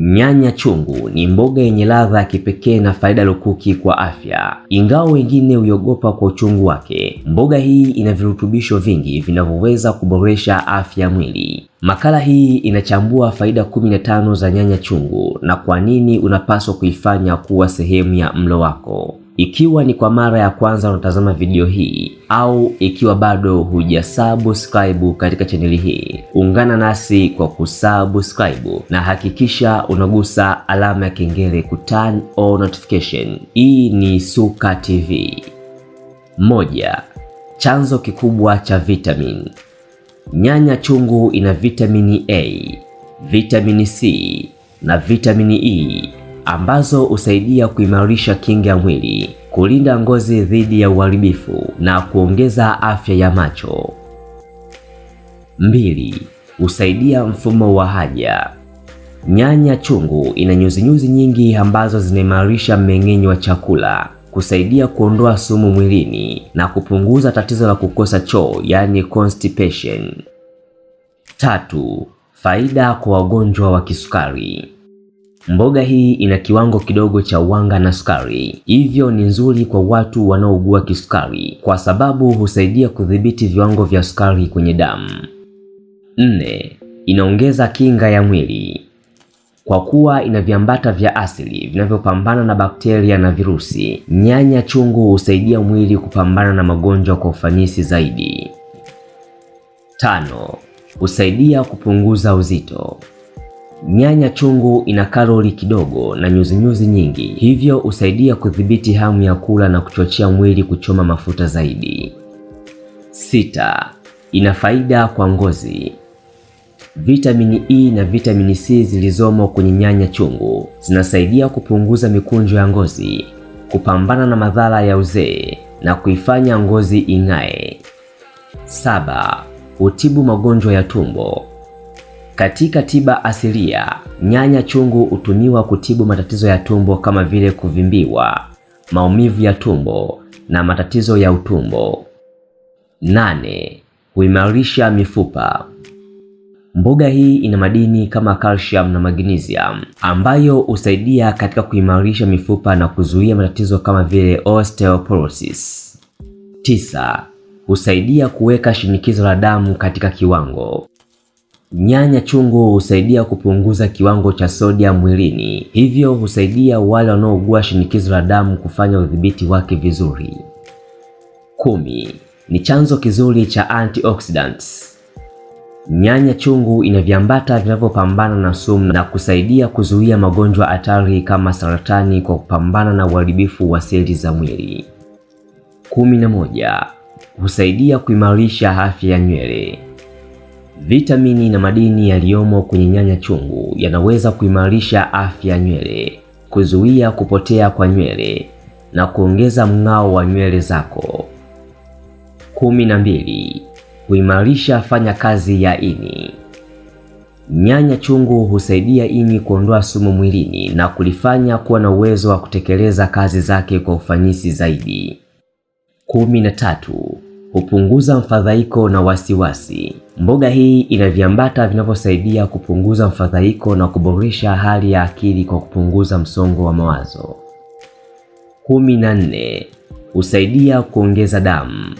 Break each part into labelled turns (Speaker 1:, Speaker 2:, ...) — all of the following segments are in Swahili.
Speaker 1: Nyanya chungu ni mboga yenye ladha ya kipekee na faida lukuki kwa afya. Ingawa wengine huiogopa kwa uchungu wake, mboga hii ina virutubisho vingi vinavyoweza kuboresha afya ya mwili. Makala hii inachambua faida 15 za nyanya chungu na kwa nini unapaswa kuifanya kuwa sehemu ya mlo wako. Ikiwa ni kwa mara ya kwanza unatazama video hii au ikiwa bado hujasubscribe katika chaneli hii, ungana nasi kwa kusubscribe na hakikisha unagusa alama ya kengele ku turn on notification. Hii ni Suka TV. Moja, chanzo kikubwa cha vitamin Nyanya chungu ina vitamini A, vitamini C na vitamini E ambazo husaidia kuimarisha kinga ya mwili, kulinda ngozi dhidi ya uharibifu na kuongeza afya ya macho. Mbili, husaidia mfumo wa haja. Nyanya chungu ina nyuzinyuzi nyingi ambazo zinaimarisha mmeng'enyo wa chakula, kusaidia kuondoa sumu mwilini na kupunguza tatizo la kukosa choo, yani constipation. Tatu, faida kwa wagonjwa wa kisukari. Mboga hii ina kiwango kidogo cha wanga na sukari, hivyo ni nzuri kwa watu wanaougua kisukari kwa sababu husaidia kudhibiti viwango vya sukari kwenye damu. Nne, inaongeza kinga ya mwili kwa kuwa ina viambata vya asili vinavyopambana na bakteria na virusi. Nyanya chungu husaidia mwili kupambana na magonjwa kwa ufanisi zaidi. Tano, husaidia kupunguza uzito. Nyanya chungu ina kalori kidogo na nyuzinyuzi nyingi, hivyo husaidia kudhibiti hamu ya kula na kuchochea mwili kuchoma mafuta zaidi. Sita, ina faida kwa ngozi. Vitamini E na vitamini C zilizomo kwenye nyanya chungu zinasaidia kupunguza mikunjo ya ngozi, kupambana na madhara ya uzee na kuifanya ngozi ing'ae. Saba, hutibu magonjwa ya tumbo. Katika tiba asilia, nyanya chungu hutumiwa kutibu matatizo ya tumbo kama vile kuvimbiwa, maumivu ya tumbo na matatizo ya utumbo. Nane, huimarisha mifupa. Mboga hii ina madini kama calcium na magnesium ambayo husaidia katika kuimarisha mifupa na kuzuia matatizo kama vile osteoporosis. Tisa, husaidia kuweka shinikizo la damu katika kiwango. Nyanya chungu husaidia kupunguza kiwango cha sodia mwilini, hivyo husaidia wale wanaougua shinikizo la damu kufanya udhibiti wake vizuri. Kumi, ni chanzo kizuri cha antioxidants. Nyanya chungu ina viambata vinavyopambana na sumu na kusaidia kuzuia magonjwa hatari kama saratani kwa kupambana na uharibifu wa seli za mwili. Kumi na moja, husaidia kuimarisha afya ya nywele. Vitamini na madini yaliyomo kwenye nyanya chungu yanaweza kuimarisha afya ya nywele, kuzuia kupotea kwa nywele na kuongeza mng'ao wa nywele zako. kumi na mbili. Kuimarisha fanya kazi ya ini. Nyanya chungu husaidia ini kuondoa sumu mwilini na kulifanya kuwa na uwezo wa kutekeleza kazi zake kwa ufanisi zaidi. kumi na tatu. Hupunguza mfadhaiko na wasiwasi. Mboga hii ina viambata vinavyosaidia kupunguza mfadhaiko na kuboresha hali ya akili kwa kupunguza msongo wa mawazo. kumi na nne. Husaidia kuongeza damu.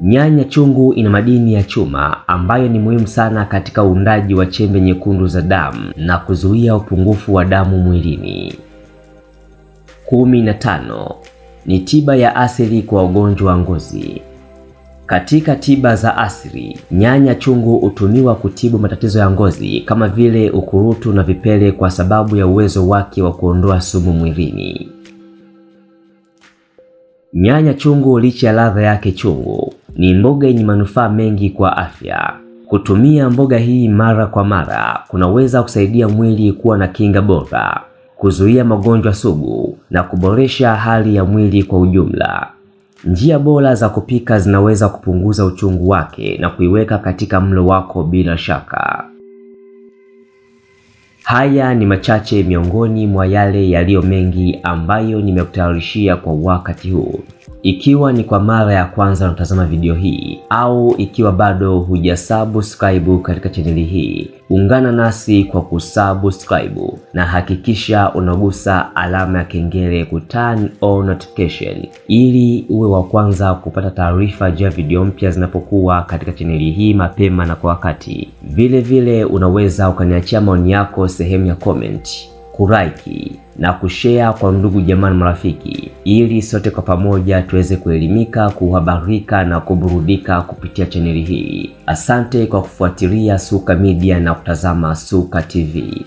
Speaker 1: Nyanya chungu ina madini ya chuma ambayo ni muhimu sana katika uundaji wa chembe nyekundu za damu na kuzuia upungufu wa damu mwilini. kumi na tano. Ni tiba ya asili kwa ugonjwa wa ngozi. Katika tiba za asili, nyanya chungu hutumiwa kutibu matatizo ya ngozi kama vile ukurutu na vipele kwa sababu ya uwezo wake wa kuondoa sumu mwilini. Nyanya chungu, licha ya ladha yake chungu, ni mboga yenye manufaa mengi kwa afya. Kutumia mboga hii mara kwa mara kunaweza kusaidia mwili kuwa na kinga bora, kuzuia magonjwa sugu na kuboresha hali ya mwili kwa ujumla. Njia bora za kupika zinaweza kupunguza uchungu wake na kuiweka katika mlo wako bila shaka. Haya ni machache miongoni mwa yale yaliyo mengi ambayo nimekutayarishia kwa wakati huu. Ikiwa ni kwa mara ya kwanza unatazama video hii au ikiwa bado hujasubscribe katika chaneli hii, ungana nasi kwa kusubscribe na hakikisha unagusa alama ya kengele ku turn on notification ili uwe wa kwanza kupata taarifa juu ya video mpya zinapokuwa katika chaneli hii mapema na kwa wakati. Vile vile unaweza ukaniachia maoni yako sehemu ya comment kulike na kushare kwa ndugu jamaa na marafiki, ili sote kwa pamoja tuweze kuelimika, kuhabarika na kuburudika kupitia chaneli hii. Asante kwa kufuatilia Suka Media na kutazama Suka TV.